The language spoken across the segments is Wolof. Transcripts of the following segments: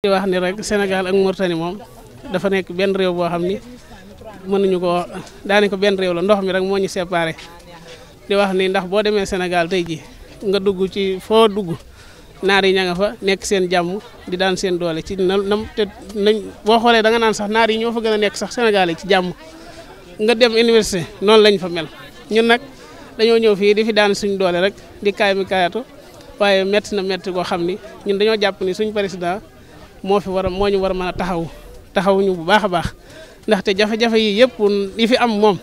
di wax ni rek Sénégal ak Mauritanie moom dafa nekk benn réew boo xam ni mënuñu ko daane ko benn réew la ndox mi rek moo ñu séparé di wax ni ndax boo demee Sénégal tey ji nga dugg ci foo dugg naar yi ña nga fa nekk seen jàmm di daan seen doole ci na na te nañ boo xoolee da nga naan sax naar yi ñoo fa gën a nekk sax Sénégal ci jàmm nga dem université noonu lañ fa mel ñun nag dañoo ñëw fii di fi daan suñ doole rek di kaay mi kaayatu waaye métti na métti koo xam ni ñun dañoo jàpp ni suñ président moo fi war a moo ñu war a mën a taxaw taxawuñu bu baax a baax ndaxte jafe-jafe yi yëpp yi fi am moom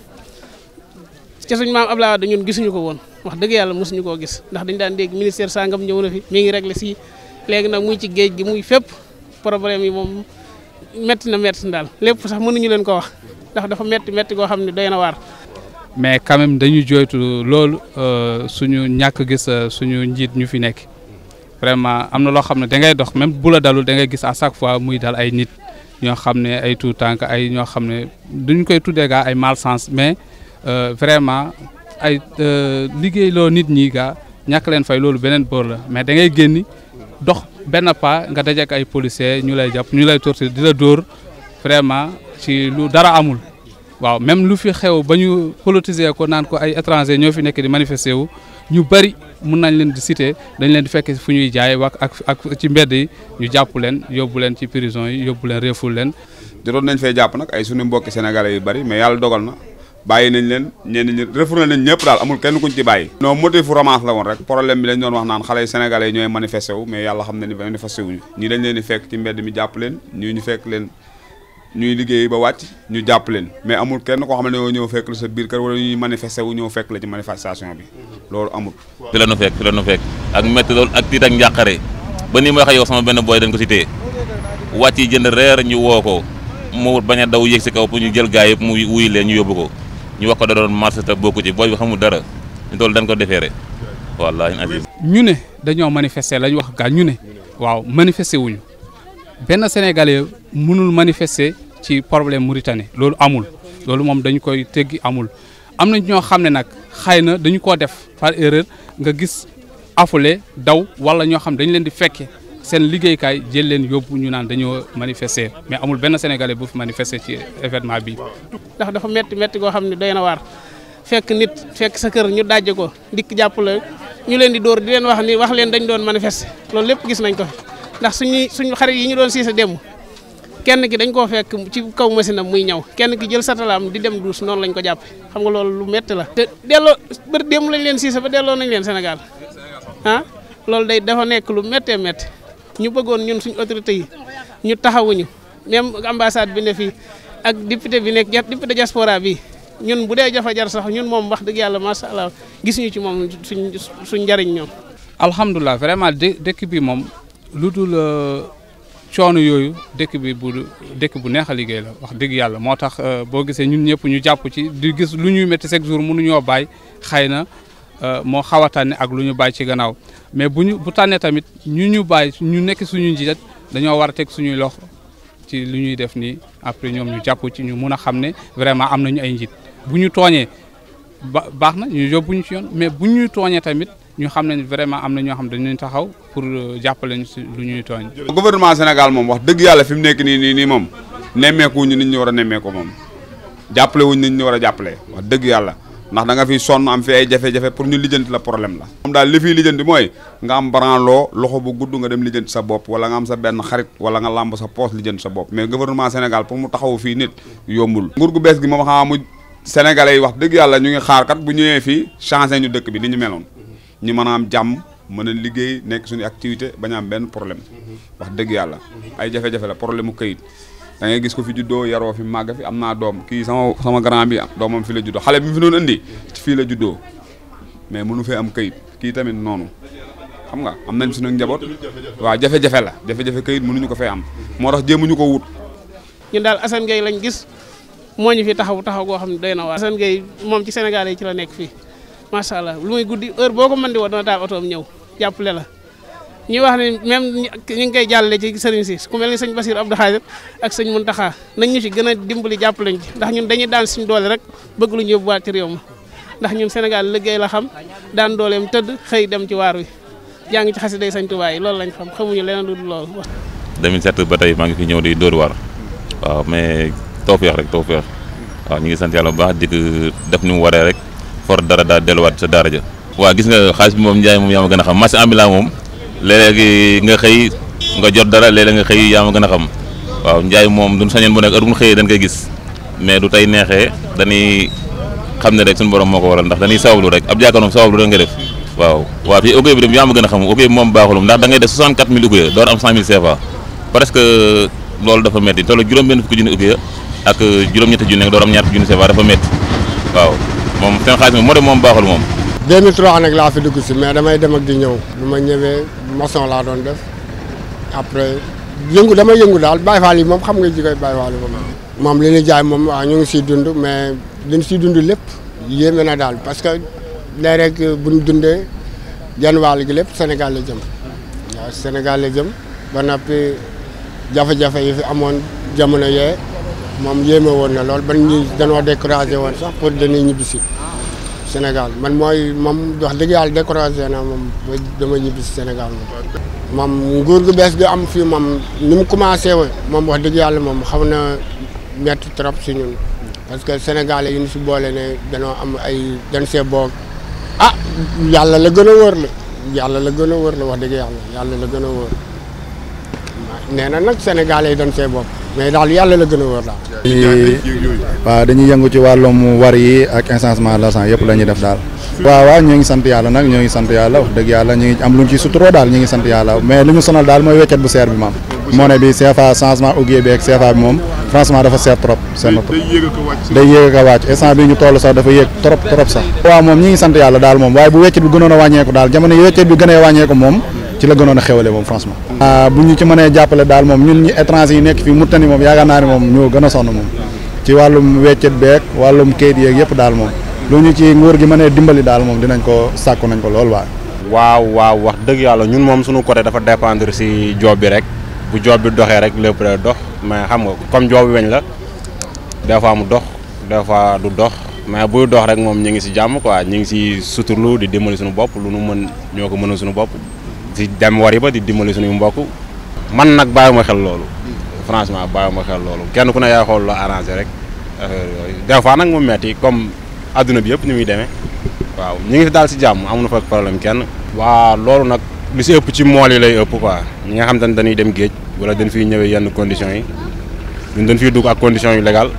ca suñ maam laa Wade ñun gisuñu ko woon wax dëgg yàlla mosuñu koo gis ndax dañ daan dégg ministère sangam ñëw na fi mi ngi réglé si léegi nag muy ci géej gi muy fépp problème yi moom metti na métti daal lépp sax nañu leen ko wax ndax dafa métti metti goo xam ne doy na waar. mais quand même dañuy jooytu loolu euh, suñu ñàkk gis euh, suñu njiit ñu fi nekk. vraiment am na loo xam ne da ngay dox même bula dalul dangay gis à chaque fois muy dal ay nit ñoo xam ne ay tout tànk ay ñoo xam ne duñ koy tuddee gaa ay malchance mais euh, vraiment ay euh, liggéey loo nit ñi gaa ñàkk leen fay loolu beneen boor la mais da ngay génn dox benn pas nga dajeek ay policiers ñu lay jàpp ñu lay torture di la dóor vraiment si lu dara amul. waaw même lu fi xew ba ñu politiser ko naan ko ay étranger ñoo fi nekk di manifester wu ñu bari. mun nañ leen di citer dañ leen di fekk fu ñuy jaay wax ak ak ci mbedd yi ñu jàpp leen yóbbu leen ci prison yi yóbbu leen réeful leen. jotoon nañ fee jàpp nag ay sunu mbokki sénégalais yu bari mais yàlla dogal na bàyyi nañ leen ñenn ñi refoulé nañ ñëpp daal amul kenn kuñ ci bàyyi. non motif romance la woon rek problème bi lañ doon wax naan xale yu sénégalais ñooy manifesté mais yàlla xam na ni manifesté wuñu ñii dañ leen di fekk ci mbedd mi jàpp leen ñii ñu ñuy liggéey ba wàcc ñu jàpp leen mais amul kenn koo xam ne dañoo ñëw fekk la sa biir kër wala ñuy manifester wu ñëw fekk la ci manifestation bi loolu amul. fi la nu fekk fi fekk ak métti loolu ak tiit ak njàqare ba ni ma waxee yow sama benn booy dañ ko ci téye wàcc yi jënd reer ñu woo ko mu bañ a daw yéeg si kaw pour ñu jël gaa yëpp mu wuy leen ñu yóbbu ko ñu wax ko da doon marché te bokku ci booy bi xamul dara loolu dañ ko defeere wallaahi ñu ne dañoo manifester lañ wax gaa ñu ne waaw manifester wuñu benn sénégalais mënul manifester ci problème Mauritanie loolu amul loolu moom dañu koy teggi amul am na ñoo xam ne nag xëy na dañu koo def par erreur nga gis afule daw wala ñoo xam ne dañu leen di fekke seen liggéey liggéeykaay jël leen yóbbu ñu naan dañoo manifester mais amul benn sénégalais bu fi manifester ci événement bi. ndax dafa métti métti goo xam ne doy na waar fekk nit fekk sa kër ñu dajje ko dikk jàpp la ñu leen di dóor di leen wax ni wax leen dañu doon manifester loolu lépp gis nañ ko. ndax suñu suñu xarit yi ñu doon siisa dem kenn ki dañ ko fekk ci kaw machine am muy ñaw kenn ki jël satalam di dem duus non lañ ko japp xam nga loolu lu metti la te delo ber dem lañ leen siisa ba delo nañ leen senegal ha ah, loolu day dafa nekk lu metti metti ñu bëggoon ñun suñu autorité yi ñu taxawuñu même ambassade bi ne fi ak député bi nekk député diaspora bi ñun bu dé jafa jar sax ñun mom wax yalla ma sha allah gis ñu ci mom suñ suñ ñom alhamdullah vraiment dekk bi mom lu dul euh, coono yooyu dëkk bi bu dëkk bu neex a liggéey la wax dëgg yàlla moo tax euh, boo gisee ñun ñëpp ñu jàpp ci di gis lu ñuy metti chaque jour mënuñoo bàyyi xëy na euh, moo xaw a tànne ak lu ñu bàyyi ci gannaaw mais bu ñu bu tànnee tamit ñu ñu bàyyi ñu nekk suñu njiit dañoo war a teg suñuy loxo ci lu ñuy def nii après ñoom ñu jàpp ci ñu mun a xam ne vraiment am nañu ay njiit bu ñu tooñee ba baax na ñu yóbbu ñu ci yoon mais bu ñu tooñee tamit. ñu xam ne vraiment am na ñoo xam dañuy taxaw pour euh, jàppale ñu si lu ñuy tooñ. gouvernement Sénégal moom wax dëgg yàlla fi mu nekk nii nii nii moom nemmeeku wuñ nit ñu war a nemmeeku moom jàppale wuñ nit ñi war a jàppale wax dëgg yàlla ndax danga fi sonn am fi ay jafe-jafe pour ñu lijjanti la problème la. moom daal li fiy lijjanti mooy nga am branloo loxo bu gudd nga dem lijjanti sa bopp wala nga am sa benn xarit wala nga làmb sa poos lijjanti sa bopp mais gouvernement Sénégal pour mu taxaw fii nit yombul. nguur gu bees gi moom xam mu sénégalais yi wax dëgg yàlla ñu ngi xaar kat bu ñëwee fii changé ñu dëkk bi ni ñu meloon ñu mën am jàmm mën a liggéey nekk suñu activité bañ a am benn problème mhm. wax dëgg yàlla ay jafe-jafe la problème mu këyit da ngay gis ko fi juddoo yaroo fi màgg fi am naa doom kii sama sama grand bi doomam fi la juddoo xale bi mu fi doon indi fii la juddoo mais mënu fee am këyit kii tamit noonu xam nga am nañ suñu njaboot waaw jafe-jafe la jafe-jafe kayit mënuñu ko fee am moo tax jéemuñu ko wut ñu daal Assane Gueye lañ gis moo ñu fi taxaw taxaw goo xam ne doy na waar Assane Gueye moom ci Sénégal yi ci la nekk fii Masalah, lu muy guddi heure boo ko di woo dana taal otoom ñëw jàppale la ñuy wax ne même ñu ngi koy jàllale ci sëriñ si ku mel ni sëñ Basir Abdou Khadir ak sëñ Muntaxa nañ ñu ci Dah a dimbali jàppaleñ ci ndax ñun dañuy daan suñ doole rek bëgg lu ñu yóbbuwaat ci réew ma ndax ñun Sénégal liggéey la xam daan dooleem tëdd dem ci waar wi jàng ci xasiday sëñ Tuubaa yi loolu lañ xam xamuñu leneen lu dul 2007 ba di dóor ah me mais rek tawfeex waaw ñu ngi sant yàlla bu baax dikk def ni rek for dara daa delluwaat sa dara ja wa gis nga xaalis bi mom njaay mom yama gëna xam ma ambulant moom mom legi nga xey nga jot dara legi nga xey yama gëna xam wa njaay mom duñ sañen bu nek heure xey dañ koy gis mais du tay nexé dañi xam ne rek sun borom moko waral ndax dañi sawablu rek ab jaakanoom sawablu rek nga def waaw wa fi ogey bi dem yama gëna xam ogey mom baxulum ndax da ngay def 64 mille uguya door am 100 mille CFA presque lolou dafa metti tolo juroom ben fukki jinn uguya ak juróom ñetti junni do am ñaar fukki junni CFA dafa metti waaw moom seen xaalis moom moo dem moom baaxul moom. 2003 nag laa fi dugg si mais damay dem di ñëw lu ma ñëwee maçon laa doon def après yëngu damay yëngu daal Baye Fall yi moom xam nga ji koy Baye Fall moom. li ñu jaay moom waa ñu ngi siy dund mais li ñu siy dund lépp yéeme na daal parce que léeg rek bu ñu dundee genn wàll gi lépp Sénégal la jëm waaw Sénégal jëm ba noppi jafe-jafe yi fi amoon jamono yee. moom yéeme woon na lool ba ñu danoo découragé woon sax pour dañuy ñibbisi Sénégal man mooy moom wax dëgg yàlla découragé na moom ba dama ñibbisi Sénégal moom. moom nguur gu bees gi am fii moom ni mu commencé woon moom wax dëgg yàlla moom xaw na metti trop si ñun parce que sénégal yi ñu si boole ne danoo am ay dañ see boog ah yàlla la gën a wóor la yàlla la gën a woor la wax dëgg yàlla yàlla la gën a woor nee na nag sénégalais yi doon see bopp mais daal yàlla la gën a wóor daal. waaw dañuy yëngu ci wàllum war yi ak incensement la sang yëpp def daal. waaw waaw ñu ngi sant yàlla nag ñoo ngi sant yàlla wax dëgg yàlla ñu ngi lu ñu ñu ngi sant yàlla mais li ñu sonal daal mooy weccet bu seer bi maam. moo ne bi CFA changement auguier bi ak CFA bi moom franchement dafa seer trop seer na day yéeg ak a wàcc instant bi ñu toll sax dafa yéeg trop trop sax waaw moom ñi ngi a wàññeeku daal jamono yi weccet ci la gënoon a xewale moom franchement. Ah, bu ñu ci mënee jàppale daal moom ñun ñi étranger yi nekk fii Moutani moom yaakaar naa ne moom ñoo gën a sonn moom ci wàllum weccet beeg wàllum kayit yeeg yëpp daal moom lu ñu ci nguur gi mënee dimbali daal moom dinañ ko sàkku nañ ko lool waaye. waaw wax dëgg yàlla ñun moom suñu côté dafa dépendre si job bi rek bu job bi doxee rek lépp day dox mais xam nga comme job weñ la des fois mu dox des fois du dox mais buy dox rek moom ñu ngi si jàmm quoi ñu ngi si suturlu di dimbali suñu bopp lu nu mën ñoo ko mënal suñu bopp di dem wari ba di dimbali suñu mbokk man nak bàyyiwuma xel loolu hmm. franchement bàyyiwuma xel lolu kenn ku ne ya xol lo arranger rek affaire yooyu des fois nag mu metti comme aduna bi yep ni muy demé waaw ñi ngi dal ci si jàmm amuñu fa problème kenn wa lolu nak li ci ëpp ci mool yi lay ëpp quoi ñi nga xam te dañuy dem geej wala dañ fi ñëwé yenn condition yi ñun dañ fiy dug ak condition yu légal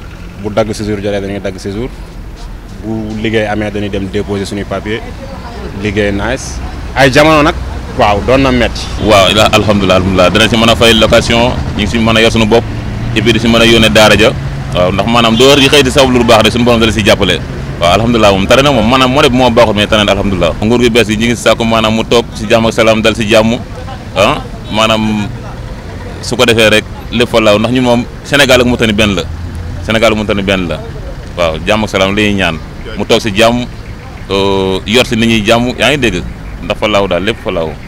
bu ci jour jotee dañuy ci jour bu liggéey amé dañuy dem déposer suñuy papier liggéey nice ay jamono nak waaw dona na metti waaw ila alhamdulilah dana si mën fay location ñi ci si yassunu a et puis ci si yone a daara ja waaw ndax manam doo di xëy di lu baax de suñu borom dala si jàppale waaw alhamdulilah mom tane na moom maanaam moo def moo baaxul mais tane na alhamdulilah nguur gi bees yi ñi ngi manam mu tok ci jamm ak salam dal ci jamm ah manam su ko defé rek lepp fa laaw ndax ñun mom Sénégal ak Mauritanie ben la Sénégal ak Mauritanie benn la waaw jamm ak salam lay ñaan mu toog si jàmm euh, yor si ni ñi jamm yaa dégg ndax fa law da lepp fa law